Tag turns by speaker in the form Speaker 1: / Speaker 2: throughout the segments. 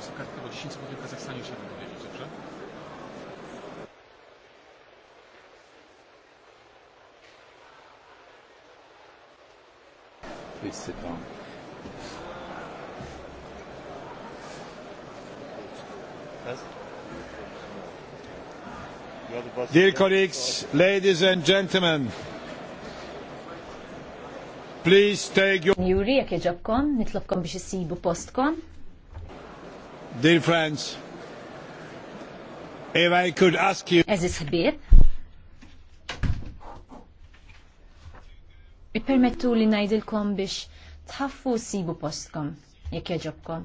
Speaker 1: prostu kartkę, bo 10 spotkań w Kazachstanie chciałbym dowiedzieć, dobrze? Oui, c'est Dear colleagues, ladies and gentlemen, please take your... Juri, jek jġobkom, nitlobkom biex issibu postkom. Dear friends, if I could ask you... Eżis ħbib. Ipermettu li najdilkom biex tħaffu sibu postkom, jekk jaġobkom.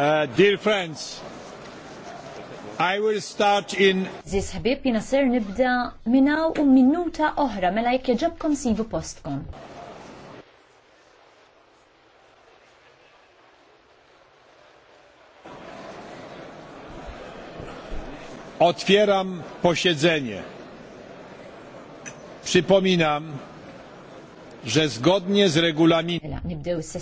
Speaker 1: Uh, dear friends, I will start in... Ziz ħabib jina ser nibda minnaw u minuta oħra mela jek jaġabkom sivu postkom. Otwieram posiedzenie. Przypominam, że zgodnie z regulaminem... Mela,